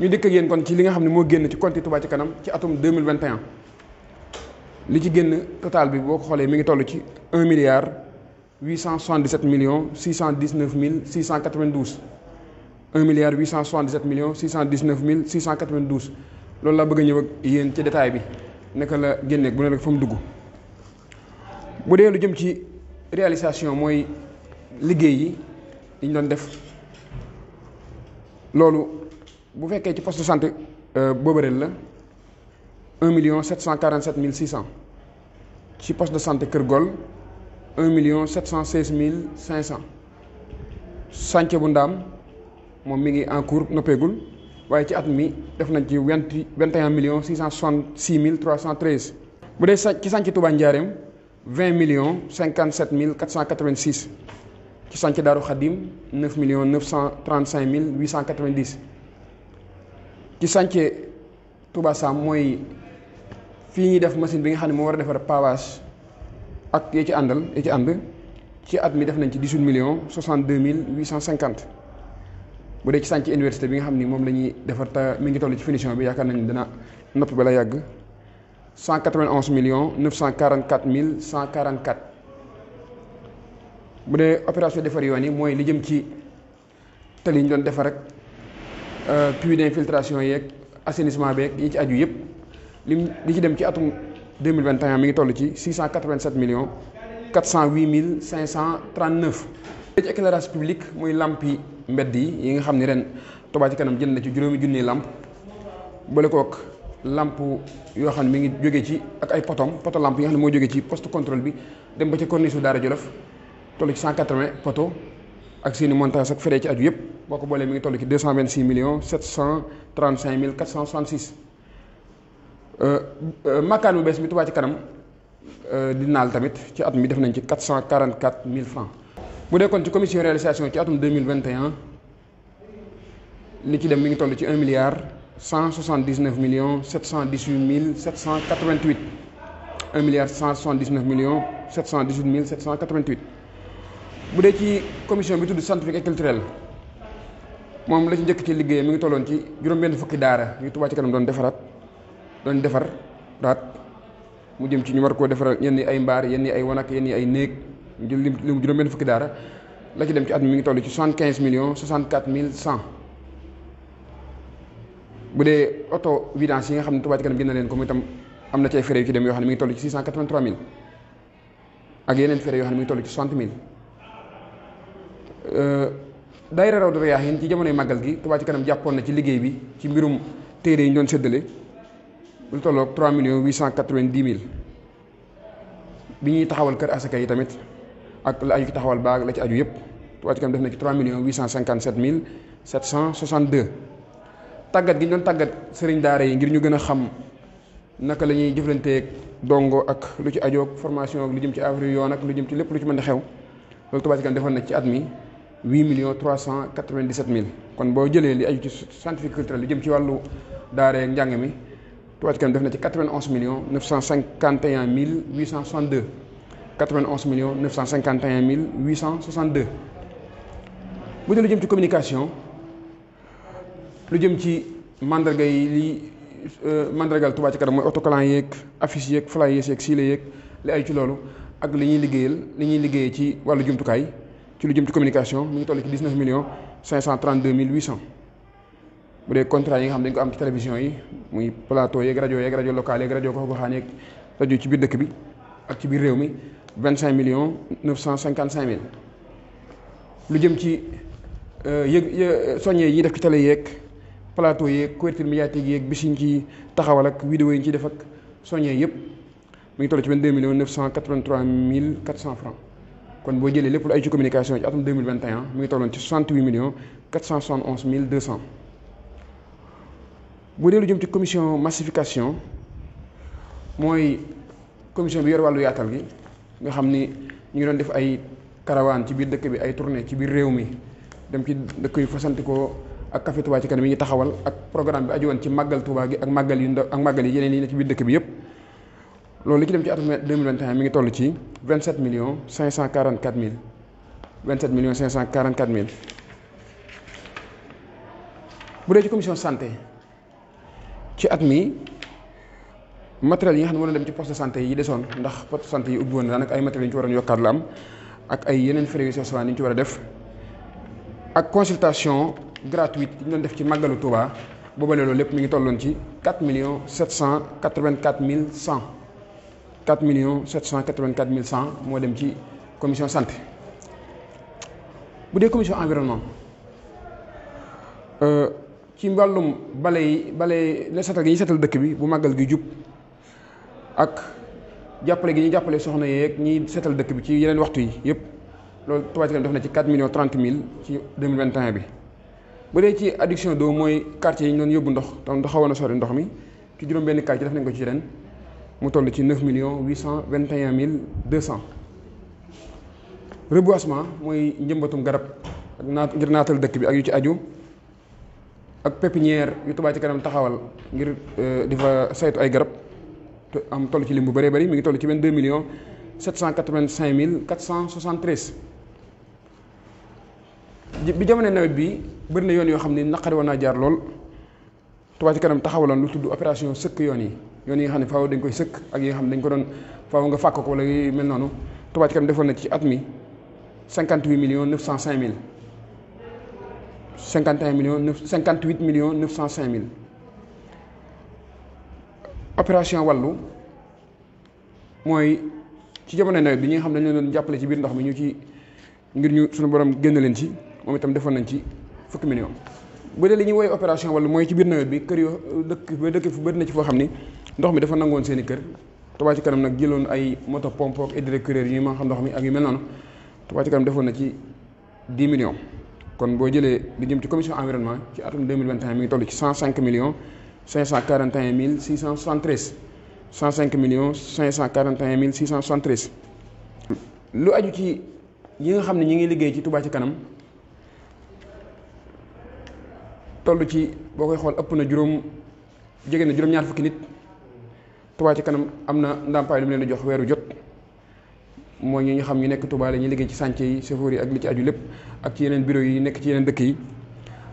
ñu dikk ak yéen kon ci li nga xam ne moo génn ci compte Touba ci kanam ci atum deux li ci génn total bi boo ko xoolee mi ngi toll ci un milliard huit cent soixante cent dix neuf mille six cent quatre vingt cent soixante dix sept millions six cent dix neuf mille six cent quatre vingt douze loolu laa bëgg a ñëw ak yéen ci détail bi naka la génneeg bu ne la fa mu dugg bu dee lu jëm ci réalisation mooy liggéey yi li ñu doon def loolu. bu fekkee ci poste de santé euh, Boberel la un million sept cent quarante sept mille six cent ci poste de santé Kër Gol un million sept cent seize mille cinq cent Sànce bu Ndaam moom mi ngi en cours noppeegul waaye ci at mi def na ci vingt vingt et un millions six cent soixante six mille trois cent treize. bu dee sa ci sànce Touba Ndiarème vingt millions cinquante sept mille quatre cent quatre vingt six ci sànce Daaru Xadim neuf millions neuf cent trente cinq mille huit cent quatre vingt ci chantier Touba Sam mooy fii ñuy def machine bi nga xam ne moo war a defar pavage ak yee ci àndal yee ci ànd ci at mi def nañ ci dix-huit millions soixante-deux mille huit cent cinquante bu dee ci chantier université bi nga xam ni moom la ñuy defar te mi ngi toll ci finition bi yaakaar nañ dina noppi bala yàgg cent quatre-vingt-onze millions neuf cent quarante-quatre mille cent quarante-quatre bu dee opération defar yoon yi mooy li jëm ci tali yi ñu doon defar rek. Euh, puits d'infiltration yeeg assainissement beeg yi ci aju yëpp lim li ci dem ci atum 2021 mi ngi toll ci 687 millions 408 mille 539. ci éclairage publique muy lampi mbedd yi yi nga xam ni ren Touba ci kanam jënd na ci juróomi junniy lamp boole kook lamp yoo xam ne mi ngi jóge ci ak ay potom poto lamp yi nga xam ne moo jóge ci post contrôle bi dem ba ci corniche su Daara Jolof toll ci 180 poto ak seeni montage ak fere ci aju yëpp. boo ko boolee mi ngi toll ci deux cent vingt six millions sept cent trente cinq mille quatre cent soixante six euh, euh, makkaan bu bees bi Touba ci kanam euh, di naal tamit ci at mi def nañ ci quatre cent quarante quatre mille francs bu dee kon ci commission réalisation ci atum deux mille vingt et un li ci dem mi ngi toll ci un milliard cent soixante dix neuf millions sept cent dix huit mille sept cent quatre vingt huit un milliard cent soixante dix neuf millions sept cent dix huit mille moom la ci njëkk ci liggéeyam mi ngi tolloon ci juróom-benn fukki daara yu Touba ci kanam doon defaraat doon defar daat mu jëm ci ñu war koo defaral yenn ay mbaar yenn ay wanak yenn ay néeg ñu jël lim juróom-benn fukki daara la ci dem ci at mi mi ngi toll ci soixante quinze millions soixante quatre mille cent bu dee auto vidange yi nga xam ne Touba ci kanam génn leen ko mu itam am na ci ay frais yu xam ne mi ngi toll ci six cent quatre ak yeneen frais yoo xam ne mi ngi toll ci soixante mille euh, daayira Rawdu Rayaahiin ci jamonoy màggal gi Touba ci kanam jàppoon na ci liggéey bi ci mbirum téere yi ñu doon séddale lu tolloog 3 millions 890 mille bi ñuy taxawal kër asaka yi tamit ak la aju ci taxawal baag la ci aju yëpp Touba ci kanam def na ci 3 millions 857 mille 762 tàggat gi ñu doon tàggat sëriñ daara yi ngir ñu gën a xam naka la ñuy jëflanteeg dongo ak lu ci ajoog formation lu jëm ci affaire yoon ak lu jëm ci lépp lu ci mën a xew loolu Touba ci defoon na ci at mi huit millions trois cent quatre-vingt-dix-sept mille kon boo jëlee li aju ci scientifique culturel li jëm ci wàllu daaree njàng mi Touba Ca Kanam def na ci quatre-vingt-onze millions neuf cent cinquante et un mille huit cent soixante-deux quatre-vingt-onze millions neuf cent cinquante et mille huit cent soixante-deux bu dee lu jëm ci communication lu jëm ci mandarga yi li euh, mandargal Touba Ca Kanam mooy autocollant yeeg affice yeeg flyers yeeg siile yeeg li ay ci loolu ak li ñuy liggéeyal li ñuy liggéeyee ci wàllu jumtukaay ci lu jëm ci communication mu ngi toll ci 19 millions 532 mille 800 bu dee contrat yi nga xam dañ ko am ci télévision yi muy palato yeeg rajo yeeg rajo local yeeg rajo gox-goxaan yeeg rajo ci biir dëkk bi ak ci biir réew mi vingt cinq 25 millions 955 mille lu jëm ci euh, yëg soññee yi ñuy def ci télé yeeg plateau yeeg couverture médiatique yeeg bis yi ñu ci taxawal ak vidéo yi ñu ci def ak soññee yëpp mi ngi toll ci 22 millions 983 mille 400 francs kon boo jëlee lépp lu ay ci communication ci atum 2021 mu ngi tolloon ci 68 millions 471 mille 200 bu dee lu jëm ci commission massification mooy commission bi yor wàllu yaatal gi nga xam ni ñu ngi doon def ay karawaan ci biir dëkk bi ay tournée ci biir réew mi dem ci dëkk yu fasanti ko ak café Touba ci kanam yi ñu taxawal ak programme bi aju woon ci màggal Touba gi ak màggal yi ndaw ak màggal yi yeneen yi ne ci biir dëkk bi yëpp loolu li ci dem ci atum 2021 mi ngi toll ci 27 millions 544 mille 27 millions 544 mille bu dee ci commission santé ci at mi matériels yi nga xam ne war na dem ci poste de santé yi desoon ndax poste de santé yi ubbi woon na daanaka ay matériels yi ñu ci waroon yokkaat la am ak ay yeneen frais yu soxla yi ñu ci war a def ak consultation gratuite yi ñu doon def ci màggalu Touba booba loolu lépp mi ngi tolloon ci million 4 millions 784 mille 100. 4 millions 784 mille 100 moo dem ci commission sant bu dee commission environnement euh, ci mballum bale yi bale ne setal gi ñuy setal dëkk bi bu màggal gi jub ak jàppale gi ñuy jàppale soxna yeeg ñuy setal dëkk bi ci yeneen waxtu yi yëpp loolu Touba Ca Kanam def na ci 4 millions 30 mille ci 2021 bi bu dee ci adduction d'eau mooy quartier yi ñu doon yóbbu ndox tam xawoon na sori ndox mi ci juróom benn quartier def nañ ko ci ren mu toll ci neuf million huit cent vingt et un deux cent reboisement mooy njëmbatum garab ak naat ngir naatal dëkk bi ak yu ci aju ak pépinière yu Touba ci kanam taxawal ngir euh, di fa saytu ay garab te am toll ci lim bu bare bëri mi ngi toll ci benn deux millions sept cent quatre-vingt-cinq mille quatre cent soixante-treize bi jamono nawet bi bëri na yoon yoo xam ne naqari naa jaar lool Touba ci kanam taxawaloon lu tudd opération sëkk yoon yi yoon yi nga xam ne faaw dañ koy sëkk ak yi nga xam ne dañ ko doon faaw nga fàkk ko wala yu mel noonu Touba Ca defoon na ci at mi cinquante huit millions neuf cent mille cinquante un millions neuf cinquante huit millions neuf cent cinq opération wàllu mooy ci jamono bi ñi xam ne dañu doon jàppale ci biir ndox mi ñu ci ngir ñu suñu borom génn leen ci moom itam defoon nañ ci fukki millions bu dee li ñuy woowee opération wàllu mooy ci biir nawet bi kër yoo dëkk ba dëkk fu bëri na ci foo xam ni ndox mi dafa nangoon seen i kër Touba ci kanam nag jëloon ay moto pompo ak hydrocureur yi ma xam ndox mi ak yu mel noonu Touba ci kanam defoon na ci 10 millions kon boo jëlee lu jëm ci commission environnement ci atum 2021 mi ngi toll ci 105 millions 541 mille 673 105 millions 541 mille 673 lu aju ci ñi nga xam ne ñi ngi liggéey ci Touba ci kanam toll ci boo koy xool ëpp na juróom jege na juróom-ñaar fukki nit Touba kanam am na ndàmpaay lu mu leen di jox weeru jot mooy ñi ñu xam ñu nekk Touba la ñuy liggéey ci chantier yi chauffeur yi ak li ci aju lépp ak ci yeneen bureau yi nekk ci yeneen dëkk yi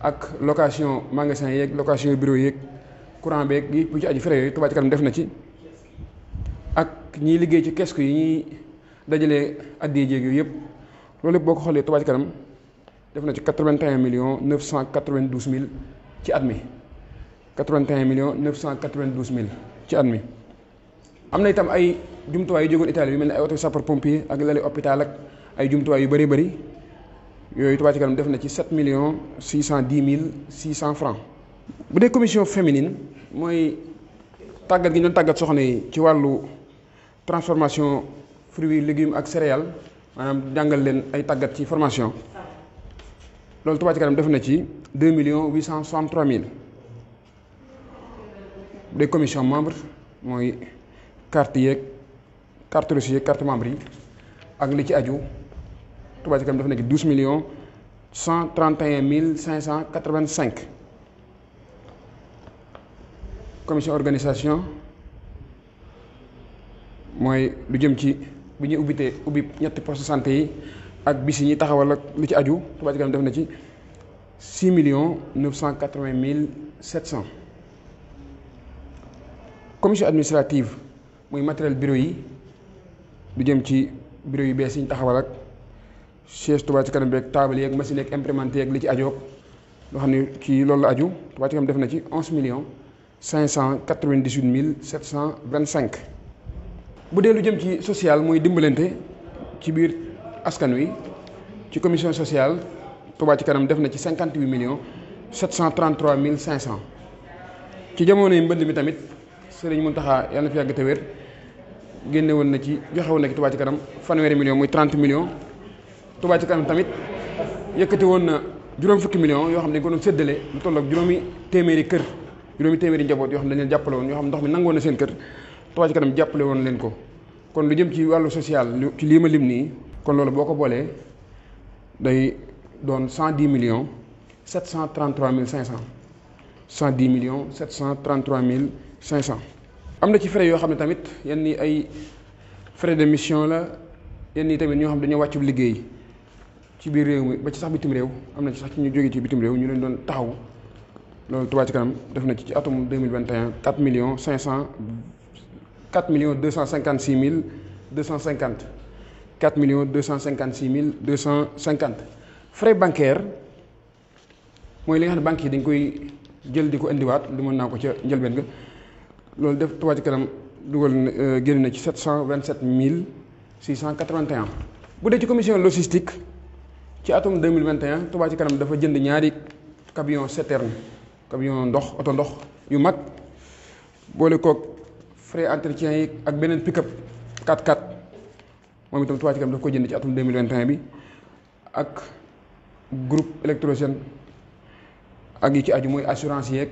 ak location magasin yeeg location bureau yeeg courant beeg yi bu ci aju frais yooyu Touba ci kanam def na ci ak ñiy liggéey ci kees yi ñuy dajalee addi jéeg yooyu yëpp loolu boo ko xoolee Touba ci kanam def na ci quatre-vingt-un millions neuf cent quatre-vingt-douze mille ci at mi quatre-vingt-un millions ci at am na itam ay jumtuwaay yu jógoon Italie yu mel ne ay oto sapeur pompier ak lali hôpital ak ay jumtuwaay yu bëri bëri yooyu Touba Ca def na ci 7 millions 610 mille 600 francs bu dee commission féminine mooy tàggat gi ñu tàggat soxna yi ci wàllu transformation fruits légumes ak céréales maanaam jàngal leen ay tàggat ci formation loolu Touba def na ci deux 2 millions 863 mille bu dee commission membre mooy. carte yeeg carte reçu yeeg carte membre yi ak li ci aju Touba Ca Kanam dafa nekk douze millions cent trente un mille cinq cent quatre vingt cinq commission organisation mooy lu jëm ci bi ñuy ubbitee ubbi ñetti poste santé yi ak bis yi ñuy taxawal ak lu ci aju Touba Ca Kanam def na ci six million neuf cent quatre vingt mille sept cent commission administrative muy matériel bureau yi du jëm ci bureau yu bees yi ñu taxawal ak chaise Touba ci kanam beeg table yeeg machine yeeg imprimante yeeg li ci ajoog loo xam ne ci loolu la aju Touba ci kanam def na ci onze millions cinq cent quatre vingt mille sept cent vingt-cinq bu dee lu jëm ci social muy dimbalante ci biir askan wi ci commission sociale Touba ci kanam def na ci cinquante-huit millions sept cent trente-trois mille cinq cent ci jamonoy mbënd mi tamit sëriñ Mountakha yàlla na fi yàgg te wér génne woon na ci joxe woon na ci Touba ci kanam fanweeri million muy 30 millions Touba ci kanam tamit yëkkati woon na juróom fukki millions yoo xam ne dañ ko doon séddale lu toll ak juróomi téeméeri kër juróomi téeméeri njaboot yoo xam ne dañ leen jàppale woon yoo xam ndox mi nangoon na seen kër Touba ci kanam jàppale woon leen ko kon lu jëm ci wàllu social ci lii ma lim nii kon loolu boo ko boolee day doon 110 millions 733 mille 500 110 millions 733 mille cinq cent am na ci frais yoo xam ne tamit yenn ni ay frais de mission la yenn yi tamit ñoo xam ne dañoo wàccu liggéey ci biir réew mi ba ci sax bitim réew am na ci sax ci ñu jógee ci bitim réew ñu leen doon taxaw loolu Touba ci kanam def na ci ci atum deux mille vingt et un quatre millions cinq cent quatre millions deux cent cinquante six mille deux cent cinquante quatre millions deux cent cinquante six mille deux cent cinquante frais bancaire mooy li xam ne banque yi dañ koy jël di ko indiwaat li mën naa ko ca njëlbeen ga loolu def Touba Kanam dugal na euh, génn na ci sept cent vingt sept mille six cent quatre vingt et un bu dee ci commission logistique ci atum deux mille vingt et un Touba Kanam dafa jënd ñaari cabion citerne cabion ndox oto ndox yu mag boole koog frais entretien yi ak beneen pick-up 4x4 moom itam Touba Ca Kanam dafa ko jënd ci atum deux mille vingt et bi ak groupe électrogène ak yi ci aju mooy assurance yeeg.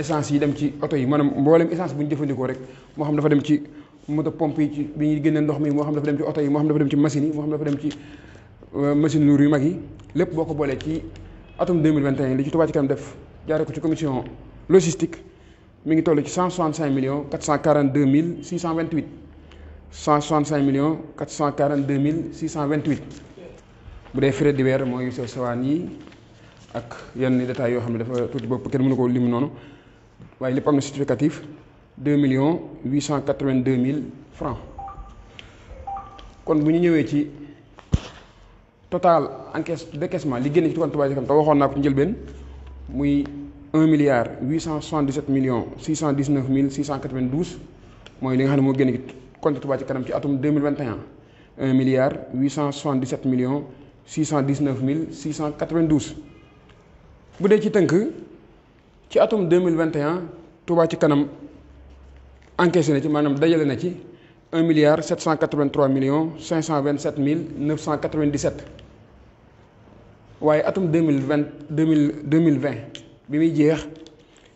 essence yi dem ci oto yi maanaam mboolem essence bu ñu jëfandikoo rek moo xam dafa dem ci moto pompe yi ci bi ñuy génne ndox mi moo xam dafa dem ci oto yi moo xam dafa dem ci machine yi moo xam dafa dem ci euh, machine yi lépp boo ko boolee ci atum 2021 li ci Touba ci kanam def jaare ci commission logistique mi ngi toll ci 165 millions 442 mille 628 165 millions 442 mille 628 bu dee frais divers mooy sew sewaan yi ak yenn détails yoo xam ne dafa tuuti bopp kenn mënu ko lim noonu waaye lépp am na justificatif deux millions huit cent quatre-vingt-deux mille francs kon bu ñu ñëwee ci total encaisse décaissement li génn ci compte Touba ca kanam te waxoon naa ko ci njëlbeen muy un milliard huit cent soixante mille six cent quatre vingt moo génn ci compte Touba ca kanam ci atum deux mille vingt et un un milliard huit cent soixante-dix-sept millions six cent dix-neuf mille six cent quatre-vingt-douze bu dee ci tënk. ci atum deux mille vingt et un Touba ci kanam encaissé na ci maanaam dajale na ci un milliard sept cent quatre vingt trois millions cinq cent vingt sept mille neuf cent quatre vingt dix sept waaye atum deux mille vingt deux mille deux mille vingt bi muy jeex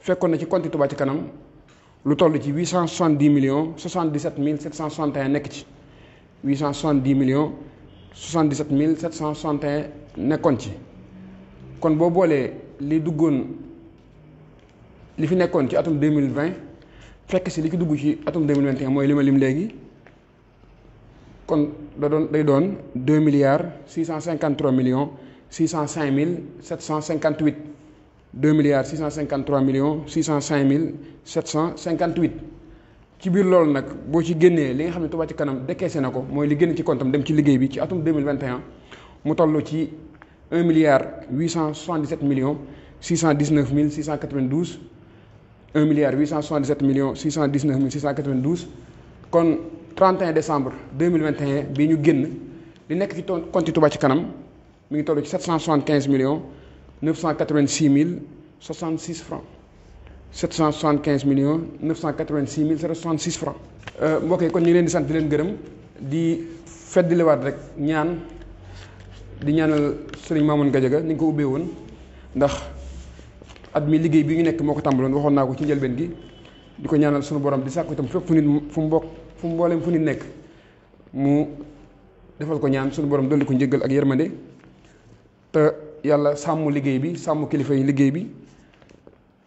fekkoon ci compte Touba ci kanam lu toll ci huit cent soixante dix millions soixante dix mille sept cent nekk ci huit cent soixante dix millions soixante dix mille sept cent soixante nekkoon ci kon boo boolee li duggoon. li fi nekkoon ci atum deux mille vingt fekk si li ci dugg ci atum deux mille vingt mooy li ma lim léegi kon da doon day doon deux milliards six cent cinquante trois millions six cent mille sept cent cinquante huit deux milliards six mille sept ci biir lool nag boo ci génnee li nga xam ne Touba ci kanam décaissé na ko mooy li génn ci compte dem ci liggéey bi ci atum deux mille vingt et un mu toll ci un milliard huit cent soixante dix sept millions six cent dix neuf mille six cent quatre vingt douze un milliard huit cent soixante-dix-sept millions six cent dix-neuf mille six cent quatre-vingt-douze kon 31 décembre 2021 bii ñu génn li nekk ci compte Touba ci kanam mi ngi toll ci 775 millions 986 mille 66 francs 775 millions 986 mille 66 francs euh, mbokk yi kon ñu leen di sant di leen gërëm di feddliwaat rek ñaan di ñaanal Serigne Mamoun Gadiaga ni nga ko ubbee woon ndax at mi liggéey bi ñu nekk moo ko tàmbaloon waxoon naa ko ci njëlbeen gi di ko ñaanal suñu borom di sàkku tam fépp fu nit fu mu fu mu mbooleem fu nit nekk mu defal ko ñaan suñu borom dolli ko njëggal ak yërmande te yàlla sàmm liggéey bi sàmm kilifa yi liggéey bi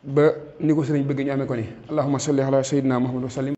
ba ni ko sëriñ bëgg ñu amee ko ni allahumma salli ala sayyidina muhammad wa